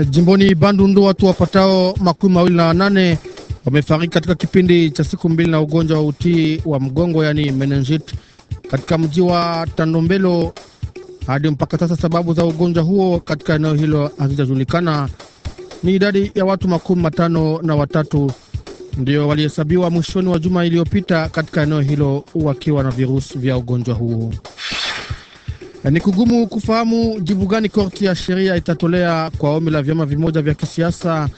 Eh, jimboni Bandundu watu wapatao makumi mawili na nane wamefariki katika kipindi cha siku mbili na ugonjwa wa utii wa mgongo yani meningite katika mji wa Tandombelo. Hadi mpaka sasa sababu za ugonjwa huo katika eneo hilo hazijajulikana. Ni idadi ya watu makumi matano na watatu ndio walihesabiwa mwishoni wa juma iliyopita katika eneo hilo wakiwa na virusi vya ugonjwa huo. Ni kugumu kufahamu jibu gani korti ya sheria itatolea kwa ombi la vyama vimoja vya kisiasa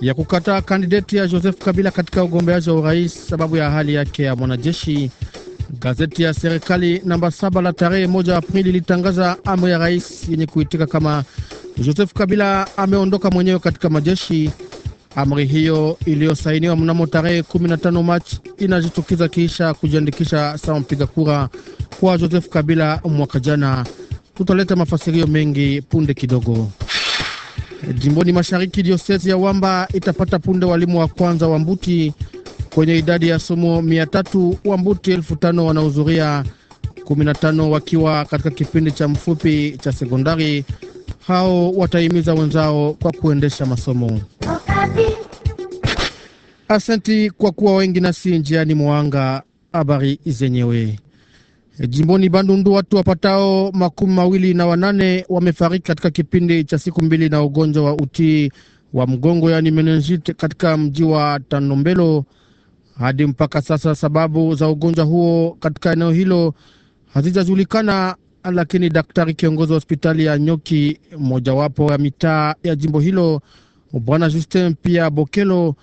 ya kukataa kandideti ya Joseph Kabila katika ugombeaji wa urais sababu ya hali yake ya mwanajeshi. Gazeti ya serikali namba saba la tarehe moja Aprili ilitangaza amri ya rais yenye kuitika kama Joseph Kabila ameondoka mwenyewe katika majeshi Amri hiyo iliyosainiwa mnamo tarehe 15 Machi inajitokeza kisha kujiandikisha sawa mpiga kura kwa Joseph Kabila mwaka jana. Tutaleta mafasirio mengi punde kidogo. Jimboni Mashariki, diosesi ya Wamba itapata punde walimu wa kwanza wa Mbuti kwenye idadi ya somo 3 wa Mbuti 5 tano wanahudhuria, 15 wakiwa katika kipindi cha mfupi cha sekondari. Hao watahimiza wenzao kwa kuendesha masomo. Asanti kwa kuwa wengi nasi njiani mwanga. Habari zenyewe jimboni Bandundu, watu wapatao makumi mawili na wanane wamefariki katika kipindi cha siku mbili na ugonjwa wa utii wa mgongo yani menenjite katika mji wa Tanombelo. Hadi mpaka sasa sababu za ugonjwa huo katika eneo hilo hazijajulikana, lakini daktari kiongozi wa hospitali ya Nyoki, mojawapo ya mitaa ya jimbo hilo, bwana Justin Pia Bokelo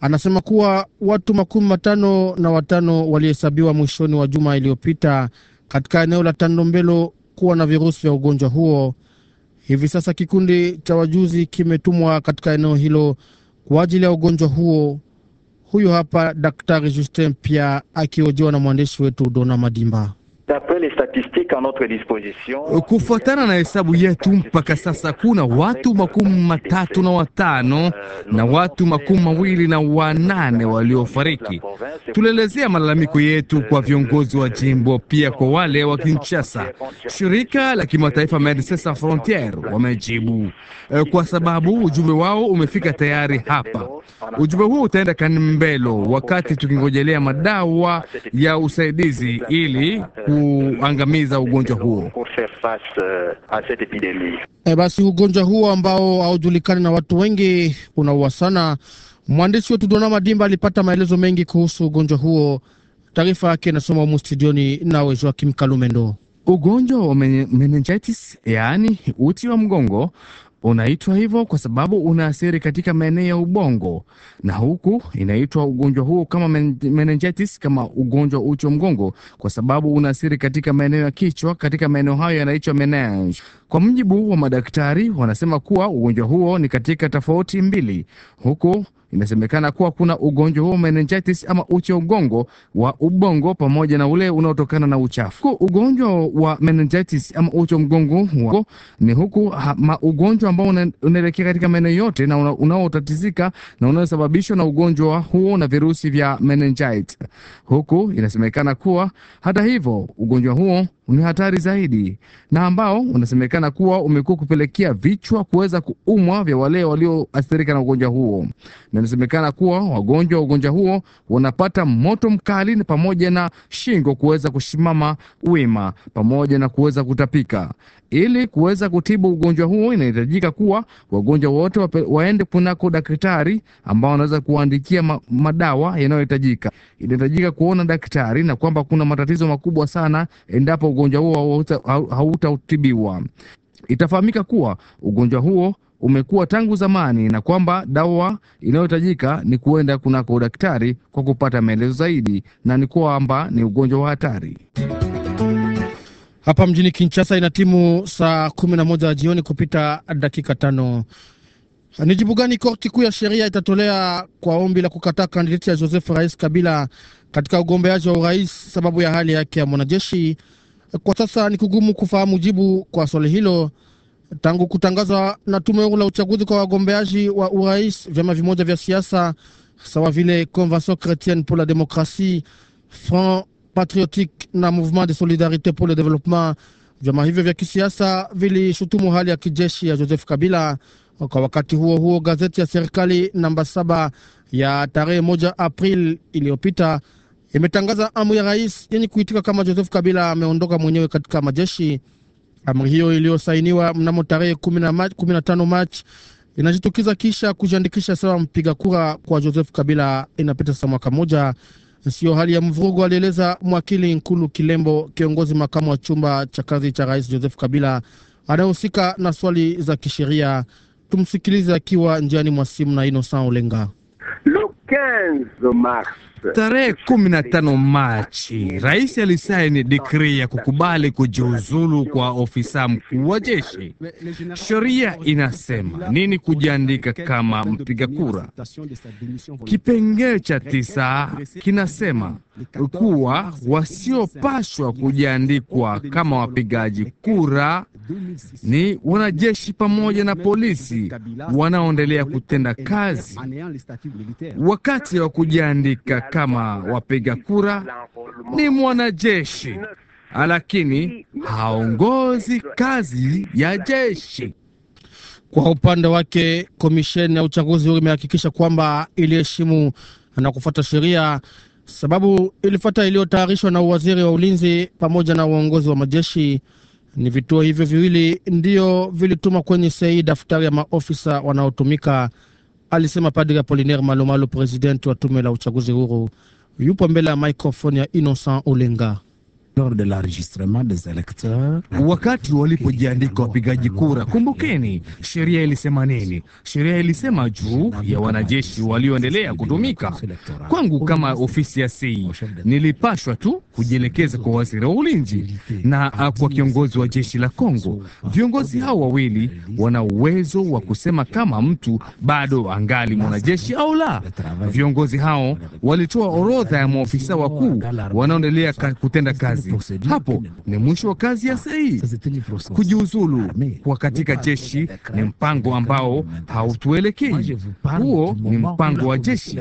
Anasema kuwa watu makumi matano na watano walihesabiwa mwishoni wa juma iliyopita katika eneo la Tandombelo kuwa na virusi vya ugonjwa huo. Hivi sasa kikundi cha wajuzi kimetumwa katika eneo hilo kwa ajili ya ugonjwa huo. Huyu hapa Daktari Justin Pia akihojiwa na mwandishi wetu Dona Madimba notre disposition. Euh, kufuatana na hesabu yetu mpaka sasa kuna watu makumi matatu na watano euh, na watu makumi mawili na wanane waliofariki. Tulielezea malalamiko yetu euh, kwa viongozi wa jimbo, pia kwa wale wa Kinshasa. Shirika la kimataifa Medecins Sans Frontieres wamejibu kwa sababu ujumbe wao umefika tayari hapa. Ujumbe huo utaenda Kanimbelo wakati tukingojelea madawa ya usaidizi ili ku kuangamiza ugonjwa huo. E, basi ugonjwa huo ambao haujulikani na watu wengi unaua sana. Mwandishi wetu Dona Madimba alipata maelezo mengi kuhusu ugonjwa huo. Taarifa yake inasoma humu studioni nawe Joakim Kalumendo. Ugonjwa wa meningitis, yaani uti wa mgongo unaitwa hivyo kwa sababu unaathiri katika maeneo ya ubongo, na huku inaitwa ugonjwa huu kama meningitis, kama ugonjwa ucho mgongo, kwa sababu unaathiri katika maeneo ya kichwa. Katika maeneo hayo yanaitwa menange. Kwa mjibu wa madaktari, wanasema kuwa ugonjwa huo ni katika tofauti mbili, huku Inasemekana kuwa kuna ugonjwa huo meningitis, ama uti wa mgongo wa ubongo pamoja na ule unaotokana na uchafu. Ugonjwa wa meningitis ama uti wa mgongo wako ni huku ugonjwa ambao unaelekea katika maeneo yote na unaotatizika una na unaosababishwa na ugonjwa huo na virusi vya meningitis, huku inasemekana kuwa hata hivyo ugonjwa huo ni hatari zaidi na ambao unasemekana kuwa umekuwa kupelekea vichwa kuweza kuumwa vya wale walioathirika na ugonjwa huo, na inasemekana kuwa wagonjwa wa ugonjwa huo wanapata moto mkali pamoja na shingo kuweza kusimama wima pamoja na kuweza kutapika. Ili kuweza kutibu ugonjwa huo, inahitajika kuwa wagonjwa wote waende kunako daktari ambao wanaweza kuwaandikia ma madawa yanayohitajika. Inahitajika kuona daktari na kwamba kuna matatizo makubwa sana endapo ugonjwa huo hautatibiwa. Itafahamika kuwa ugonjwa huo umekuwa tangu zamani na kwamba dawa inayohitajika ni kuenda kunako daktari kwa kupata maelezo zaidi, na ni kwamba ni ugonjwa wa hatari. Hapa mjini Kinshasa ina timu saa kumi na moja jioni kupita dakika tano. Ni jibu gani korti kuu ya sheria itatolea kwa ombi la kukataa kandideti ya Joseph Rais Kabila katika ugombeaji wa urais sababu ya hali yake ya mwanajeshi? Kwa sasa ni kugumu kufahamu jibu kwa swali hilo tangu kutangazwa na tume huru la uchaguzi kwa wagombeaji wa urais vyama vimoja vya siasa sawa vile Convention Chretienne pour la Démocratie, Front Patriotique na Mouvement de Solidarité pour le Développement. Vyama hivyo vya kisiasa vilishutumu hali ya kijeshi ya Joseph Kabila. Kwa wakati huo huo, gazeti ya serikali namba saba ya tarehe moja April iliyopita imetangaza amri ya rais yenye kuitika kama Joseph Kabila ameondoka mwenyewe katika majeshi. Amri hiyo iliyosainiwa mnamo tarehe 15 Machi inajitukiza kisha kujiandikisha sawa mpiga kura kwa Joseph Kabila inapita sasa mwaka moja. sio hali ya mvurugo, alieleza mwakili Nkulu Kilembo, kiongozi makamu wa chumba cha kazi cha rais Joseph Kabila anayehusika na swali za kisheria. Tumsikilize akiwa njiani mwa simu na Innocent Olenga. Tarehe kumi na tano Machi, rais alisaini dikrii ya kukubali kujiuzulu kwa ofisa mkuu wa jeshi. Sheria inasema nini kujiandika kama mpiga kura? Kipengee cha tisa kinasema kuwa wasiopashwa kujiandikwa kama wapigaji kura ni wanajeshi pamoja na polisi wanaoendelea kutenda kazi. Wakati wa kujiandika kama wapiga kura ni mwanajeshi, lakini haongozi kazi ya jeshi. Kwa upande wake, komisheni ya uchaguzi imehakikisha kwamba iliheshimu na kufuata sheria Sababu ilifuata iliyotayarishwa na uwaziri wa ulinzi pamoja na uongozi wa majeshi. Ni vituo hivyo viwili ndiyo vilituma kwenye sei daftari ya maofisa wanaotumika, alisema Padri Apolinaire malumalu presidenti wa tume la uchaguzi huru. Yupo mbele ya maikrofoni ya Innocent Olenga lors de l'enregistrement des electeurs, wakati walipojiandika wapigaji kura. Kumbukeni sheria ilisema nini? Sheria ilisema juu ya wanajeshi walioendelea kutumika. Kwangu kama ofisi ya sei, nilipashwa tu kujielekeza kwa waziri wa ulinzi na kwa kiongozi wa jeshi la Kongo. Viongozi hao wawili wana uwezo wa kusema kama mtu bado angali mwanajeshi au la. Viongozi hao walitoa orodha ya maofisa wakuu wanaoendelea kutenda kazi kazi. Hapo ni mwisho wa kazi ya sei. Kujiuzulu kwa katika jeshi ni mpango ambao hautuelekei. Huo ni mpango wa jeshi,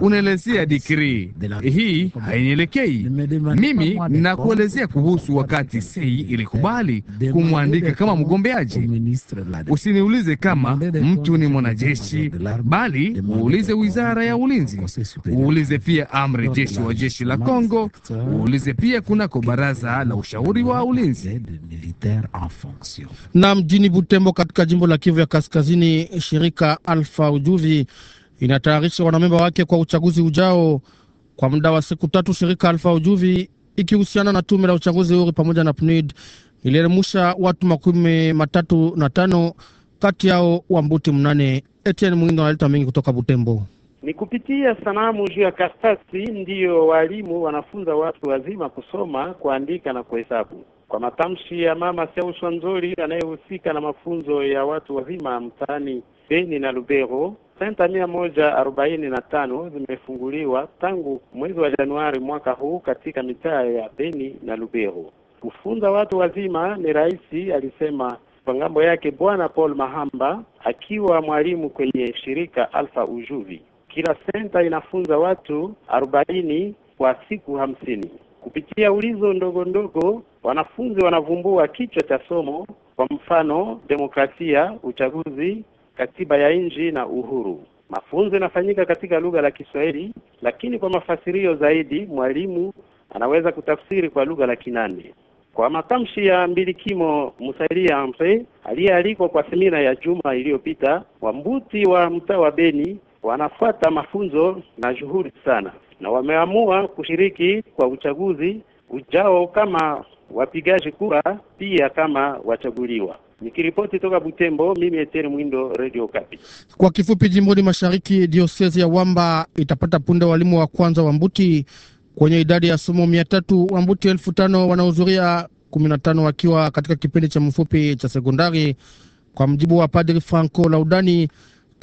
unaelezea dikrii hii hainielekei mimi. Nakuelezea kuhusu wakati sei ilikubali kumwandika kama mgombeaji. Usiniulize kama mtu ni mwanajeshi, bali uulize wizara ya ulinzi, uulize pia amri jeshi wa jeshi la Kongo, uulize pia kuna kunako baraza la ushauri wa ulinzi na mjini Butembo katika jimbo la Kivu ya Kaskazini. Shirika Alfa Ujuvi inatayarisha wanamemba wake kwa uchaguzi ujao kwa muda wa siku tatu. Shirika Alfa Ujuvi ikihusiana na tume la uchaguzi huru pamoja na PNUD ilielemusha watu makumi matatu na tano kati yao wa mbuti mnane. Etienne Mwindo analeta mengi kutoka Butembo. Ni kupitia sanamu juu ya karatasi ndiyo walimu wanafunza watu wazima kusoma, kuandika na kuhesabu. Kwa matamshi ya Mama Seuswa Nzori anayehusika na mafunzo ya watu wazima mtaani Beni na Lubero, senta mia moja arobaini na tano zimefunguliwa tangu mwezi wa Januari mwaka huu katika mitaa ya Beni na Lubero. Kufunza watu wazima ni rahisi, alisema kwa ngambo yake Bwana Paul Mahamba, akiwa mwalimu kwenye shirika Alfa Ujuvi. Kila senta inafunza watu arobaini kwa siku hamsini. Kupitia ulizo ndogo ndogo, wanafunzi wanavumbua kichwa cha somo, kwa mfano demokrasia, uchaguzi, katiba ya nji na uhuru. Mafunzo yanafanyika katika lugha la Kiswahili, lakini kwa mafasirio zaidi, mwalimu anaweza kutafsiri kwa lugha la Kinane. Kwa matamshi ya Mbilikimo Musailia Ampe aliyealikwa kwa semina ya juma iliyopita, Wambuti wa mtaa wa Beni wanafuata mafunzo na juhudi sana, na wameamua kushiriki kwa uchaguzi ujao kama wapigaji kura, pia kama wachaguliwa. Nikiripoti toka Butembo, mimi Eteri Mwindo, Radio Kapi. Kwa kifupi, jimboni mashariki, diosezi ya Wamba itapata punde walimu wa kwanza wa mbuti kwenye idadi ya somo mia tatu wa mbuti elfu tano wanahudhuria kumi na tano wakiwa katika kipindi cha mfupi cha sekondari, kwa mjibu wa Padri Franco Laudani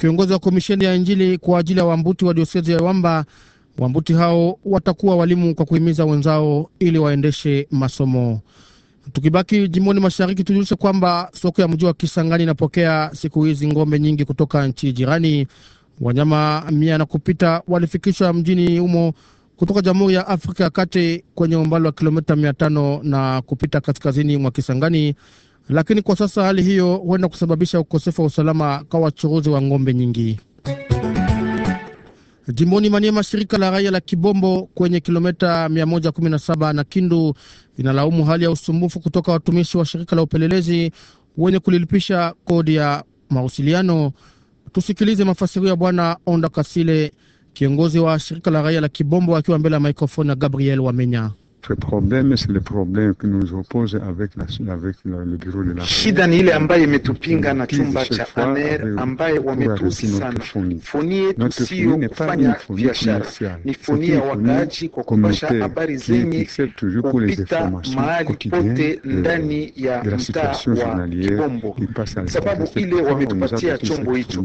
Kiongozi wa komisheni ya Injili kwa ajili ya wambuti wa diosezi ya Rwamba. Wambuti hao watakuwa walimu kwa kuhimiza wenzao ili waendeshe masomo. Tukibaki jimboni mashariki, tujulishe kwamba soko ya mji wa Kisangani inapokea siku hizi ngombe nyingi kutoka nchi jirani. Wanyama mia na kupita walifikishwa mjini humo kutoka Jamhuri ya Afrika ya Kati kwenye umbali wa kilomita mia tano na kupita kaskazini mwa Kisangani lakini kwa sasa hali hiyo huenda kusababisha ukosefu wa usalama kwa wachuruzi wa ng'ombe nyingi. Jimboni Maniema, shirika la raia la Kibombo kwenye kilometa 117 na Kindu linalaumu hali ya usumbufu kutoka watumishi wa shirika la upelelezi wenye kulilipisha kodi ya mawasiliano. Tusikilize mafasirio ya Bwana Onda Kasile, kiongozi wa shirika la raia la Kibombo, akiwa mbele ya mikrofoni ya Gabriel Wamenya. Ce problème, c'est le problème que nous oppose avec, la, avec la, le bureau de la shida ni ile ambayo imetupinga na chumba cha ANER ambaye wametusi sana. Foni yetu sio kufanya biashara, ni foni ya wakaaji kwa kupasha habari zenye kupita mahali pote euh, ndani ya mtaa wa Kibombo, sababu ile wametupatia chombo hicho,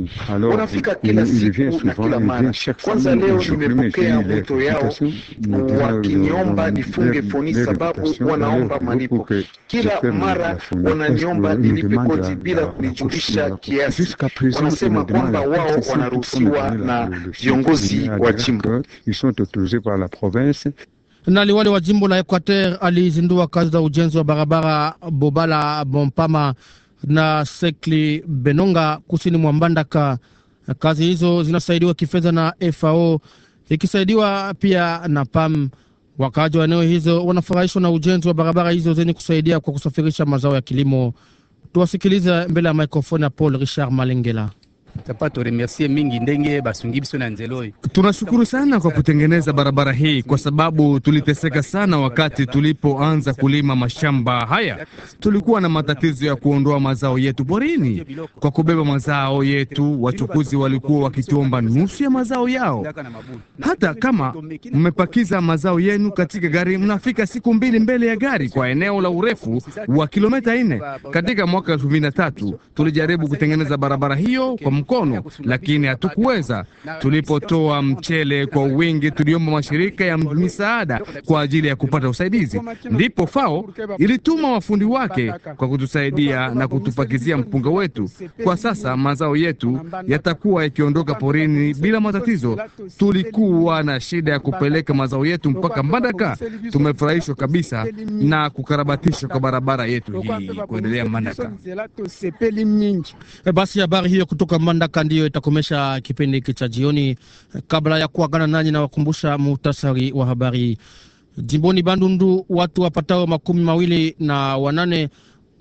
unafika kila siku na kila mara. Kwanza leo nimepokea wito yao wakiniomba nifunge wangefoni sababu wanaomba malipo kila mara, wananiomba nilipe kodi bila kunijulisha kiasi. Wanasema kwamba wao wanaruhusiwa na viongozi wa jimbo na liwali wa jimbo la Equateur alizindua kazi za ujenzi wa barabara Bobala Bompama na Sekli Benonga kusini mwa Mbandaka. Kazi hizo zinasaidiwa kifedha na FAO ikisaidiwa pia na PAM. Wakaaji wa eneo hizo wanafurahishwa na ujenzi wa barabara hizo zenye kusaidia kwa kusafirisha mazao ya kilimo. Tuwasikilize mbele ya mikrofoni ya Paul Richard Malengela. Tunashukuru sana kwa kutengeneza barabara hii, kwa sababu tuliteseka sana wakati tulipoanza kulima mashamba haya. Tulikuwa na matatizo ya kuondoa mazao yetu porini. Kwa kubeba mazao yetu, wachukuzi walikuwa wakituomba nusu ya mazao yao. Hata kama mmepakiza mazao yenu katika gari, mnafika siku mbili mbele ya gari kwa eneo la urefu wa kilomita nne. Katika mwaka elfu mbili na tatu tulijaribu kutengeneza barabara hiyo kwa mkono, lakini hatukuweza. Tulipotoa mchele kwa wingi, tuliomba mashirika ya misaada kwa ajili ya kupata usaidizi, ndipo FAO ilituma wafundi wake kwa kutusaidia na kutupakizia mpunga wetu. Kwa sasa mazao yetu yatakuwa yakiondoka porini bila matatizo. Tulikuwa na shida ya kupeleka mazao yetu mpaka Mbandaka. Tumefurahishwa kabisa na kukarabatishwa kwa barabara yetu hii kuendelea Mbandaka. Basi habari hiyo kutoka Mbandaka. Ndaka ndiyo itakomesha kipindi hiki cha jioni. Kabla ya kuagana nanyi, na wakumbusha muhtasari wa habari. Jimboni Bandundu, watu wapatao makumi mawili na wanane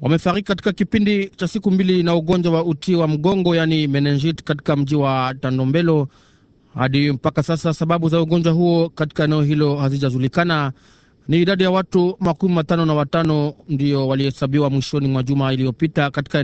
wamefariki katika kipindi cha siku mbili na ugonjwa wa uti wa mgongo yani menenjit katika mji wa Tandombelo. Hadi mpaka sasa sababu za ugonjwa huo katika eneo hilo hazijajulikana. Ni idadi ya watu makumi matano na watano ndio walihesabiwa mwishoni mwa juma iliyopita katika